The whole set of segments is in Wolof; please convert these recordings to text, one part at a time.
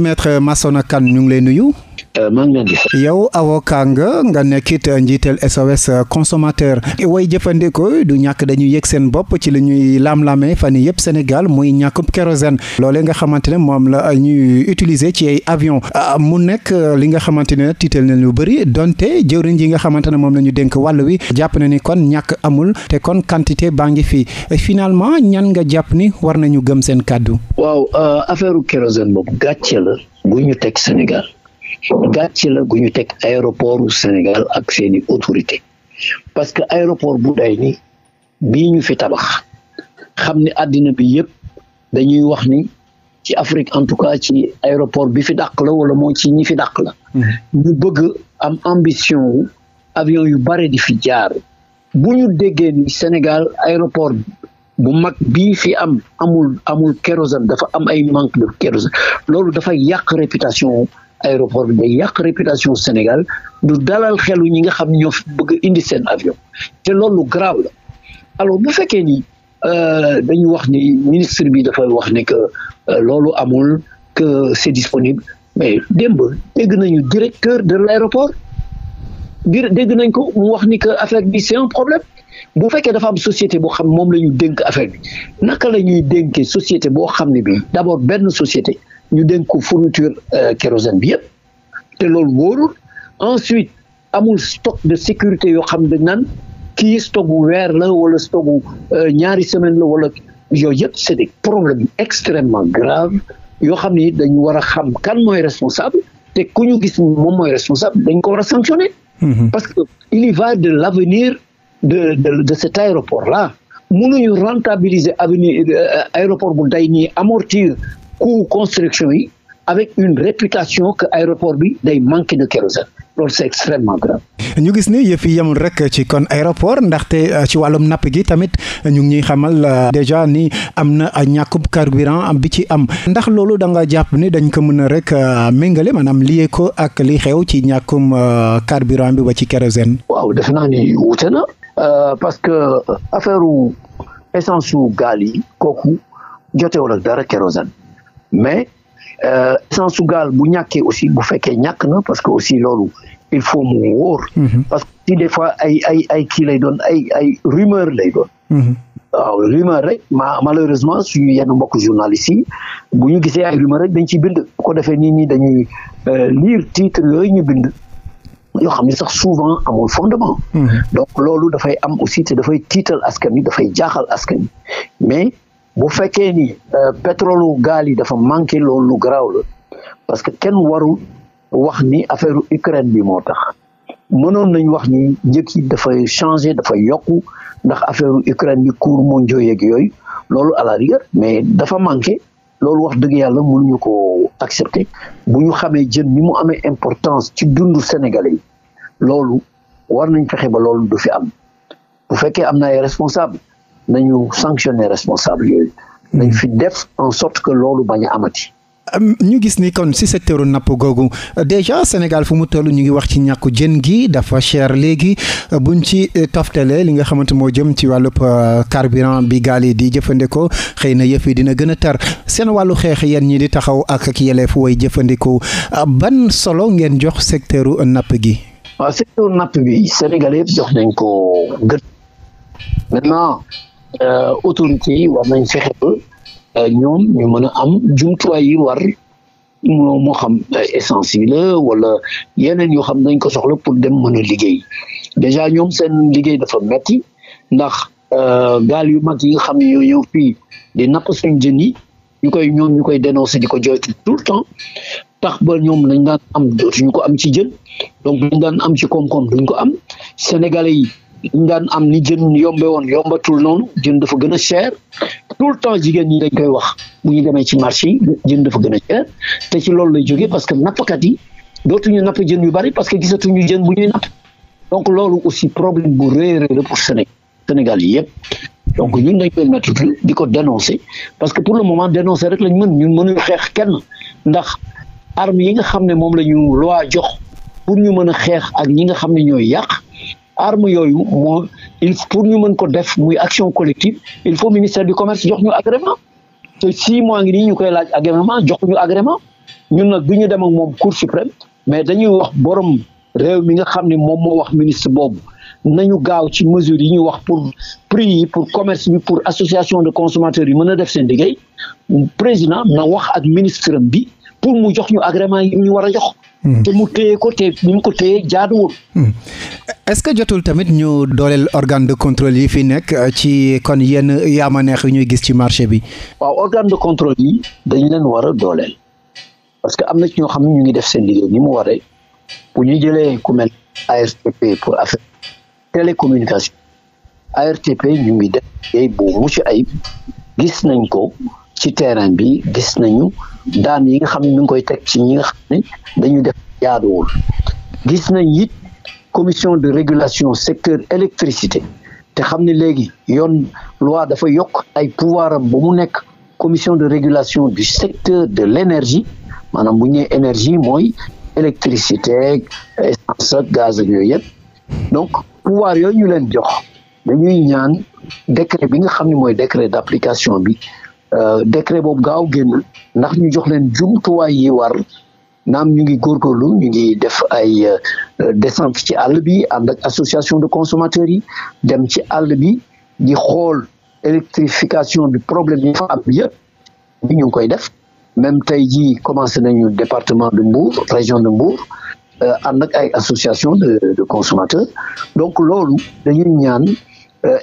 Maître Massokhna Kane ñu ngi lay nuyu. Euh, maa ngi leen di sant nga nga nekkit euh, njiital SOS euh, consommateur way jëfandikoo du ñàkk dañuy yëg seen bopp ci li ñuy laam-laamee fan yii yëpp Sénégal muy ñàkkub kérosène loole nga xamante ne moom la ñuy utiliser ci ay avion ah, mu nekk li nga xamante ne tiital na lu bëri donte jëwriñ ji nga xamante ne moom la ñu dénk wàll wi jàpp na ni kon ñàkk amul te kon quantité baa ngi fii finalement ñan nga jàpp ni war nañu gëm seen kàddu. waaw affaire kérosène boobu gàcce la bu ñu teg Sénégal. gàcce la gu ñu teg aéroportu Sénégal ak seeni autorité parce que aéroport bu day ni bii ñu fi tabax xam ne àddina bi yëpp dañuy wax ni ci Afrique en tout cas ci aéroport bi fi dàq la wala moo ci ñi fi dàq la mm-hmm. ñu bëgg am ambition wu avion yu bare di fi jaar bu ñu déggee ni Sénégal aéroport bu mag bii fi am amul amul kérosène dafa am ay manque de kérosène loolu dafay yàq réputation aéroport bi day yàq réputation Sénégal du dalal xelu ñi nga xam ñoo bëgg indi seen avion te loolu grave la alors bu fekkee ni euh, dañu wax ni ministre bi dafay wax ne que euh, loolu amul que c'est disponible mais démb dégg nañu directeur de l'aéroport dégg nañ ko mu wax ni que affaire bi c'est un problème bu fekkee dafa am société boo xam moom la ñu dénk affaire bi naka la ñuy dénkee société boo xam ne bi d'abord benn société ñu dénk ko fourniture euh, kérosène bi yëpp te loolu wóorul ensuite amul stock de sécurité yoo xam dañ naan kii stock bu weer la wala stock bu euh, ñaari semaine la wala yooyu yëpp c'est des problèmes extrêmement graves yoo xam ni dañu war a xam kan mooy responsable te ku ñu gis moom mooy responsable dañ ko war a sanctionner. Mm-hmm. parce que il y va de l'avenir de de, de cet aéroport là mënuñu rentabiliser avenir euh, euh, aéroport bu day nii amortir coût construction yi avec une réputation que aéroport bi day manquer de kérosène loolu c'est extrêmement grave. ñu gis ni yëf yi yemul rek ci kon aéroport ndaxte euh, ci wàllum napp gi tamit ñu ngi ñuy xamal euh, déjà ni am na ñàkkum carburant am bi ci am ndax loolu da nga jàpp ni dañ ko mën a rek euh, méngale maanaam lié ko ak li xew ci ñàkkum carburant bi ba ci kérosène. waaw defe naa ni wute na. parce que affaire essence wu gaal yi kooku jotewul ak dara kérosène mais. essence euh, su gaal bu ñàkkee aussi bu fekkee ñàkk na parce que aussi loolu il faut mu wóor. Mhm. parce que si des fois ay ay kii lay doon ay ay rumeur lay doon. Mhm. waaw rumeur rek ma malheureusement suñu yenn mbokk journalistes yi bu ñu gisee ay rumeur rek dañ ciy bind bu ko defee nit ñi dañuy euh, lire titre yooyu ñu bind. yoo xam ne sax souvent amul fondement. Mhm. donc loolu dafay am aussi te dafay tiital askan wi dafay jaaxal askan bu fekkee ni euh, petrole u gaal yi dafa manqué loolu lu garaaw la parce que kenn waru wax ni affaire Ukraine bi moo tax mënoon nañ wax ni njëg yi dafay changé dafa yokk ndax affaire Ukraine bi cours mondiaux yeeg yooyu loolu à mais dafa manqué loolu wax dëgg yàlla mënuñu ko accepter bu ñu xamee jën ni mu amee importance ci dundu Sénégalais loolu war nañ fexe ba loolu du fi am bu fekkee am na ay responsable nañu sanctionner responsable yooyu. nañ hmm. fi def en sorte que loolu bañ a amati. ñu gis ni kon si secteur napp googu déjà Sénégal fu mu toll ñu ngi wax ci ñàkku jën gi dafa cher léegi buñ ci eh, toftale li nga xamante moo jëm ci wàllu wàllub eh, carburant bi gaal yi di jëfandikoo xëy na yëf yi dina gën a tar seen wàllu xeex yéen ñi di taxaw ak ak yeleef way jëfandikoo ah, ban solo ngeen jox secteur napp gi. waa secteur napp bi Sénégal yëpp jox nañ ko gën Euh, autorités yi war nañ fexe ba euh, ñoom ñu mën a am jumtuwaay yi war moo xam euh, essence la wala yeneen yoo xam dañ ko soxla pour dem mën liggéey déjà ñoom seen liggéey dafa metti ndax gaal yu mag yi nga xam ne ñoo ñëw fii di napp suñ jën yi ñu koy ñoom ñu koy dénoncer di ko joytu tout le temps tax ba ñoom nañ daan am dootuñu ko am ci jën donc lañ daan am ci koom-koom duñ ko am sénégalais yi ñu am ni jën yombe woon yombatul noonu jën dafa gën a cher tout le temps jigéen ñi dañ koy wax bu ñu demee ci marché yi jën dafa gën a cher te ci loolu lay jógee parce que nappkat yi dootuñu napp jën yu bari parce que gisatuñu jën bu ñuy napp donc loolu aussi problème bu rëy rëy la pour Sénégal Sénégal yi yëpp donc ñun dañ koy mettre di ko dénoncer parce que pour le moment dénoncer rek lañ mën ñun mënuñu xeex kenn ndax armes yi nga xam ne moom la ñu loi jox pour ñu mën a xeex ak ñi nga xam ne ñoo yàq arme yooyu moo il pour ñu mën ko def muy action collective il faut ministère du commerce jox ñu agrément te six mois ngi nii ñu koy laaj agrément jox ñu agrément ñun nag bi ñu dem moom cour suprême mais dañuy wax borom réew mi nga xam ne moom moo wax ministre boobu nañu gaaw ci mesures yi ñuy wax pour prix yi pour commerce bi pour association de consommateurs yi mën a def seen liggéey président na wax ak ministre bi pour mu jox ñu agrément yi ñu war a jox Mm-hmm. te mu téye ko te ni mu ko téye jaaduwul. Mm-hmm. est-ce que jotul tamit ñu dooleel organe de contrôle yi fi nekk euh, ci kon yenn yaama neex yi ñuy gis ci marché bi. waaw organe de contrôle yi dañu leen war a dooleel parce que am na ci ñoo xam ne ñu ngi def seen liggéey ni mu waree bu ñu jëlee ku mel ARTP pour affaire télécommunication ARTP ñu ngi def liggéey bu mucc ay gis nañ ko ci terrain bi gis nañu. daan yi nga xam ne mi ngi koy teg ci ñi nga xam ne dañuy def jaaduwul gis nañ it commission de régulation secteur électricité te xam ne léegi yoon loi dafa yokk ay pouvoir ba mu nekk commission de régulation du secteur de l'énergie maanaam bu ñu énergie mooy électricité essence ak gaz ak yëpp donc pouvoir yooyu ñu leen jox dañuy ñaan décret bi nga xam ne mooy décret d'application bi Euh, décret boobu gaaw génn ndax ñu jox leen jumtuwaay yi war naam ñu ngi góorgóorlu ñu ngi def ay euh, descente ci àll bi ànd ak association de consommateurs yi dem ci àll bi di xool électrification bi problème yi fa am yëpp ñu ngi koy def même tey jii commencé nañu département de Mbour région de Mbour euh, ànd ak ay association de de donc loolu dañuy ñaan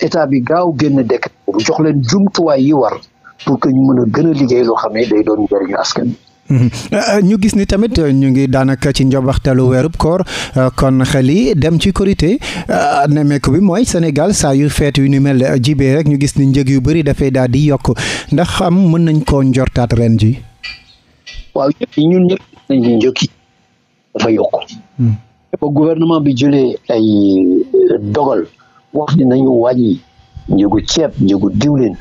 état bi gaaw génn décret jox leen jumtuwaay yi war. pour que ñu mën a gën a liggéey loo xam ne day doon njëriñu askan mhm. euh, ñu gis ni tamit ñu ngi daanaka ci njobaxtalu weerub koor euh, kon xel yi dem ci korité euh, nemmeeku bi mooy senegal saa yu feet yu ni mel jibee rek ñu gis ni njëg yu bëri dafay daal di yokk ndax am mën nañ koo njortaat ren ji waaw ñun ñëpp ñu mhm. gouvernement bi jëlee ay dogal nañu wàññi njëgu ceeb njëgu diwlin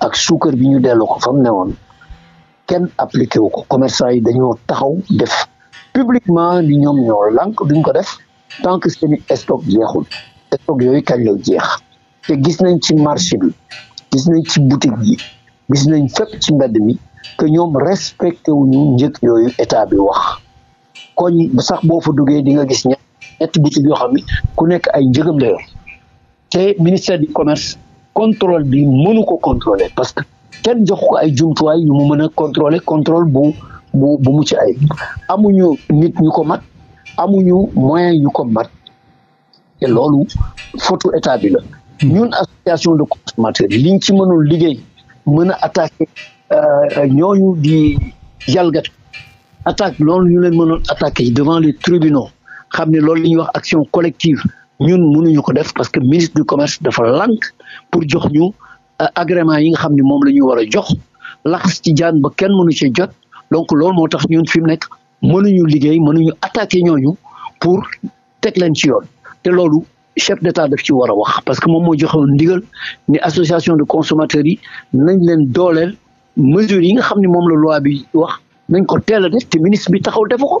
ak suukar bi ñu delloo ko fa ne woon kenn appliqué wu ko commerçant yi dañoo taxaw def publiquement ni ñoom ñoo lànk duñ ko def tant que seeni stock jeexul stock yooyu kañ la jeex te gis nañ ci marché bi gis nañ ci boutique yi gis nañ fépp ci mbedd mi que ñoom respecté wuñu njëg yooyu état bi wax koñ sax boo fa duggee di nga gis ñetti boutique yoo xam ku nekk ay njëgam la te ministère du commerce contrôle bi mënu ko contrôler parce que kenn jox ko ay jumtuwaay yu mu mën a contrôler contrôle bu bu bu mucc ay amuñu nit ñu ko mat amuñu moyen yu ko mat te loolu fotu état bi la hmm. ñun association de consommateurs liñ ci mënul liggéey mën a attaquer euh, ñooñu di jalgati attaque loolu ñu leen mënoon attaquer devant les tribunaux xam ne loolu li ñuy wax action collective ñun mënuñu ko def parce que ministre du commerce dafa lank pour jox ñu euh, agrément yi nga xam ni moom la ñu war a jox laxas ci jaan ba kenn mënu ci jot donc loolu moo tax ñun fi mu nekk mënuñu liggéey mënuñu attaqué ñooñu pour teg leen ci yoon te loolu chef d'état daf ci war a wax parce que moom moo joxoon ndigal ni association de consommateurs yi nañ leen dooleel mesures yi nga xam ne moom la loi bi wax nañ ko teel a def te ministre bi taxaw defu ko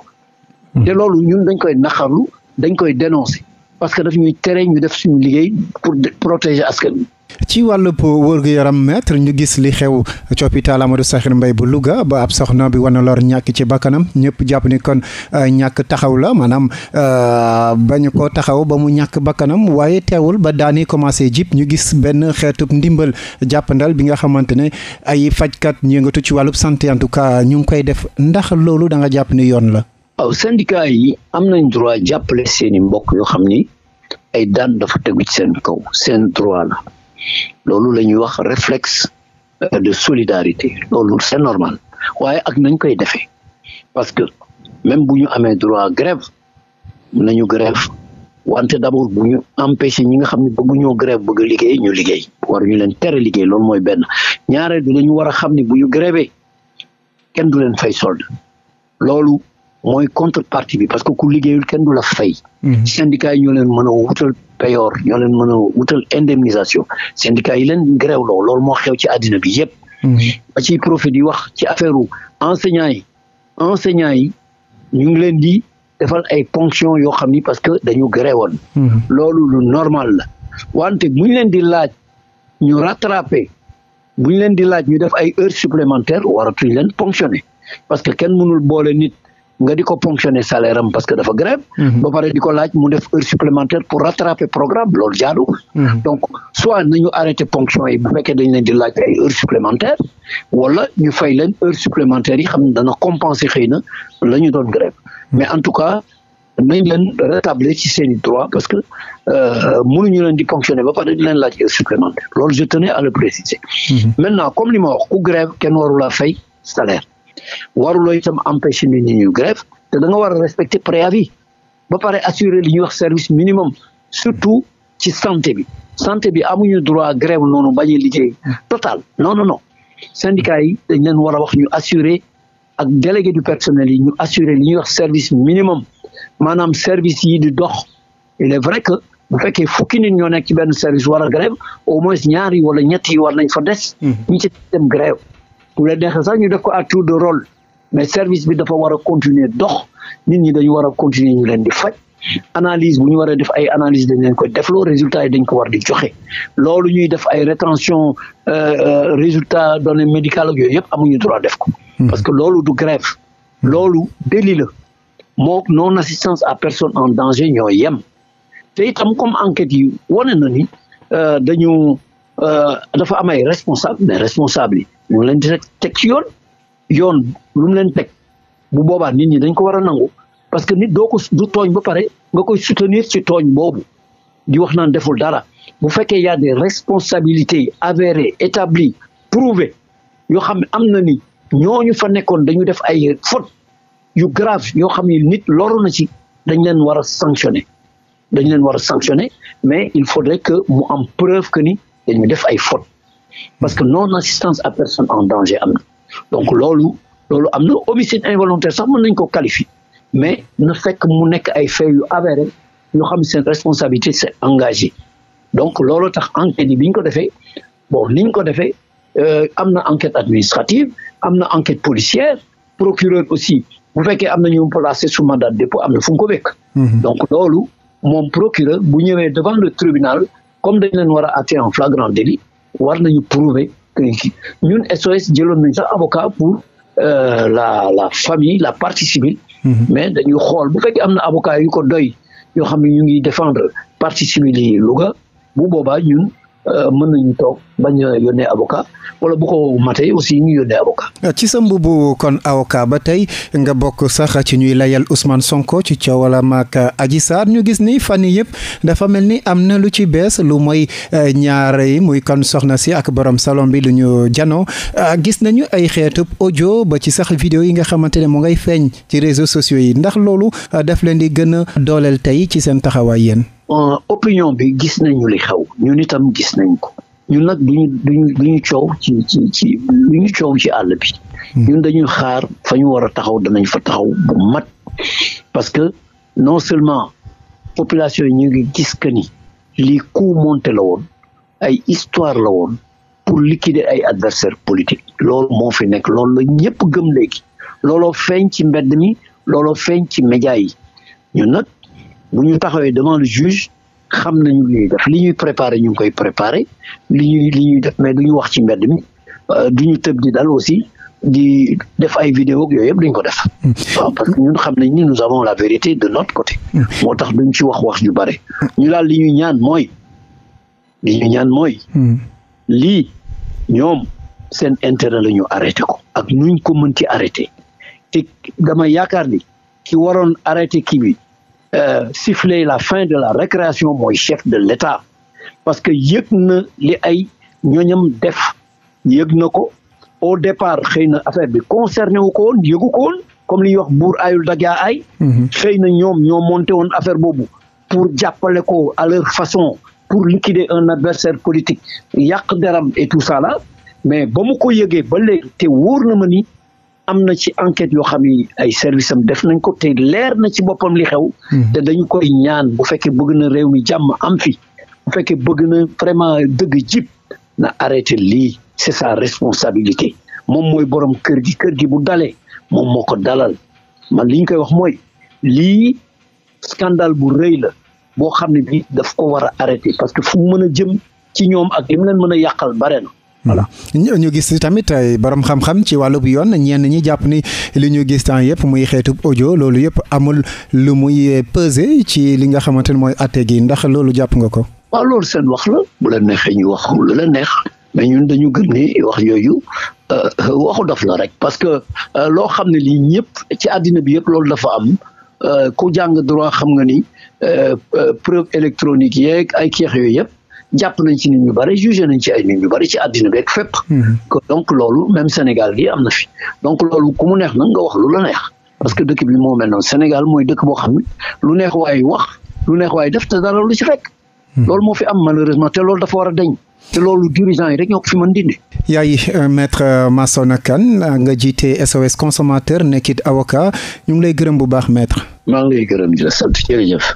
hmm. te loolu ñun dañ koy naxarlu dañ koy dénoncer parce que daf ñuy tere ñu def suñu liggéey pour protéger askan wi. ci wàllub gu yaram maître ñu gis li xew ci hôpital Amadou Sakhir Mbaye bu Louga ba ab soxna bi wana lor ñàkk ci bakkanam ñëpp jàpp ni kon euh, ñàkk taxaw la maanaam euh, bañ ko taxaw ba mu ñàkk bakkanam waaye teewul ba daani commencé jip ñu gis benn xeetub ndimbal jàppandal bi nga xamante ne ay fajkat yëngatu ci wàllu santé en ñu ngi koy def ndax loolu da nga jàpp ni yoon la. waaw syndicat yi am nañ droit jàppale seen i mbokk yoo xam ni ay daan dafa tegu ci seen kaw seen droit la loolu la ñuy wax réflexe euh, de solidarité loolu c'est normal waaye ak nañ koy defee parce que même bu ñu amee droit grève nañu grève wante d'abord bu ñu empêcher ñi nga xam ne bëgguñoo grève bëgg liggéey ñu liggéey war ñu leen tere liggéey loolu mooy benn ñaareel bi dañu war a xam ne bu ñu grévé kenn du leen fay solde loolu mooy contrepartie bi parce que ku liggéeyul kenn du la fay. Mhm. syndicat yi ñoo leen mën a wutal payoor ñoo leen a wutal indemnisation syndicat yi leen grève loo loolu moo xew ci àddina bi yëpp. Mhm. ba ciy profit di wax ci affaire enseignant yi enseignant yi ñu ngi leen di defal ay ponction yoo xam ni parce que dañu grève woon. Mhm. loolu lu normal la wante bu ñu leen di laaj ñu rattraper bu leen di laaj ñu def ay heures supplémentaires waratuñ leen ponctionner parce que kenn mënul boole nit. nga di ko ponctionner salaire am parce que dafa grève mhm. ba pare di ko laaj mu def heure supplémentaire pour rattraper programme loolu jaadu mhm. donc soit nañu arrêté ponction yi bu fekkee dañ leen di laaj ay heure supplémentaire wala ñu fay leen heure supplémentaire yi xam ne dana compenser xëy na la ñu doon grève mhm. mais en tout cas nañ leen rétablir ci seen i droit parce que euh, mënuñu leen di fonctionner ba pare di leen laaj supplémentaire loolu je tenais comme li ma wax ku grève kenn warula fay salaire waruloo itam empêché nit ñi ñu grève te da nga war a respecter préavis ba pare assurer li ñuy wax service minimum surtout ci santé bi santé bi amuñu droit grève noonu bañ a liggéey total non non non syndicat yi dañ leen war a wax ñu assurer ak délégué du personnel yi ñu assurer li ñuy wax service minimum maanaam service yi di dox il est vrai que bu fekkee fukki nit ñoo nekk ci benn service war a grève au moins ñaar yi wala ñetti yi war nañ fa des. Mhm. ñu ci dem bu leen neexee sax ñu def ko à tour de rôle mais service bi dafa war a continuer dox nit ñi dañu war a continuer ñu leen di faj analise bu ñu war a def ay analyse dañ leen koy defloo résultat dañ ko war di joxe loolu ñuy def ay rétention euh, euh, résultat données médicales ak yooyu yëpp amuñu droit def ko hmm. parce que loolu du grève loolu délit la moo non assistance à personne en danger ñoo yem te itam comme enquête yi wane na ni euh, dañu dafa am ay responsable mais responsable yi mu leen di teg ci yoon yoon lu leen teg bu boobaa nit ñi dañ ko war a nangu parce que nit doo ko du tooñ ba pare nga koy soutenir si tooñ boobu di wax naan deful dara bu fekkee y a des responsabilités avérées établies yoo xam ne am na ni ñooñu fa nekkoon dañu def ay fautes yu grave yoo xam ne nit loru na ci dañ leen war a sanctionner dañ leen war a sanctionner mais il faudrait que mu am preuve que ni dañu def ay fautes parce que non assistance à personne en danger am na donc loolu loolu am na homicide involontaire sax mën nañ ko qualifier mais na fekk mu nekk ay faits yu avéré yoo xam seen responsabilité c'est donc loolu tax enquête yi bi ñu ko defee bon ni ñu ko defee euh, am na enquête administrative am na enquête policière procureur aussi bu fekkee am na ñu placé sous mandat de dépôt am na fu ko wekk mhm. donc loolu moom procureur bu ñëwee devant le tribunal comme dañ leen war a acté en flagrant délit war nañu prouver que ñun SOS jëloon nañ sax avocat pour euh, la la famille la partie civile mm-hmm. mais dañuy xool bu fekkee am na avocat yu ko doy yoo xam ne ñu ngi défendre partie civile yi Louga bu boobaa ñun Euh, mën nañu toog bañ a yónnee wala bu ko matee aussi ñu yónnee avocat. Euh, ci sa mbubu kon avocat ba tey nga bokk sax ci ñuy layal Ousmane Sonko ci coowala maak euh, aji Sarr ñu gis ni fan yii yëpp dafa mel ni am na lu ci bees lu mooy ñaar yi muy kon soxna si ak borom salon bi lu ñu janoo gis nañu ay xeetu audio ba ci sax vidéo yi nga xamante ne mu ngay feeñ ci réseau sociaux yi ndax loolu daf leen di gën a dooleel tey ci seen taxawaay yéen. Euh, opinion bi gis nañu li xew ñun itam gis nañ ko ñu nag duñu duñu duñu coow ci ci ci duñu ci àll bi hmm. ñun dañuy xaar fa ñu war a taxaw danañ fa taxaw bu mat parce que non seulement population yi ñu ngi gis que ni lii coup monté la woon ay histoire la woon pour liquider ay adversaires politiques loolu moo fi nekk loolu la ñëpp gëm léegi looloo feeñ ci mbedd mi looloo feeñ ci média yi nag bu ñu taxawee devant le juge xam nañu li ñuy def li ñuy préparé ñu koy préparer li ñu li ñuy def mais du ñu wax ci mbedd mi euh, du ñu tëb di dal aussi di def ay vidéo ak yooyu yëpp dañ ko def. Hmm. waaw parce que ñun xam nañ ni nous avons la vérité de notre coté hmm. moo tax duñ ci wax wax ju bare. ñu laal li ñuy ñaan mooy li ñaan mooy. Hmm. lii ñoom seen intérêt la ñu arrêté ko. ak nuñ ko mënti arrêté te dama yaakaar ni ki waroon arrêté kii bi. euh, siffler la fin de la récréation mooy chef de l'État parce que yëg na li ay ñoñam def yëg na ko au départ xëy na affaire bi concerné wu ko woon yëgu ko woon comme li ñuy wax buur ayul daga ay mhm. xëy na ñoom ñoo monté woon affaire boobu pour jàppale ko à leur façon pour liquider un adversaire politique yàq daram et tout ça mais ba mu ko yëgee ba léegi te wóor na ma am na ci enquête yoo xam ni ay service am def nañ ko te leer na ci boppam li xew. Mhm. te dañ koy ñaan bu fekkee bëgg na réew mi jàmm am fi bu fekkee bëgg na vraiment dëgg jib na arrêté lii c'est sa responsabilité moom mooy borom kër gi kër gi bu dalee moom moo ko dalal man liñ koy wax mooy lii scandale bu rëy la boo xam ne bi daf ko war a arrêté parce que fu mu mën a jëm ci ñoom ak li mu leen mën a yàqal bare na. voilà ñu gis tamit borom xam-xam ci wàllub yoon ñenn ñi jàpp ni li ñu gis temps yëpp muy xeetub audio loolu yëpp amul lu muy eh, peser ci li nga xamante ne mooy atte gi ndax loolu jàpp nga ko. waaw loolu seen wax la bu la neexee ñu wax lu la neex mais ñun dañu gëm ni wax yooyu euh, euh, waxu dof la rek. parce que euh, loo xam ne lii ñëpp ci àddina bi yëpp loolu dafa am. ku jàng droit xam nga ni preuve électronique yeeg ay keex yooyu yëpp jàpp nañ ci nit ñu bari jugé nañ ci ay nit ñu bari ci àddina beeg fépp. Mm-hmm. donc loolu même Sénégal gi am na fi donc loolu ku mu neex na nga wax lu la neex parce que dëkk bi moo mel noonu Sénégal mooy dëkk boo xam lu neex waay wax lu neex waaye def te dara lu ci fekk. Mm-hmm. loolu moo fi am malheureusement te loolu dafa war a deñ te loolu dirigeant yi rek ñoo ko fi mën dindi. yaay euh, maître euh, Massokhna Kane euh, nga jiite SOS consommateur nekkit avocat ñu ngi lay gërëm bu baax maître. maa ngi lay gërëm di la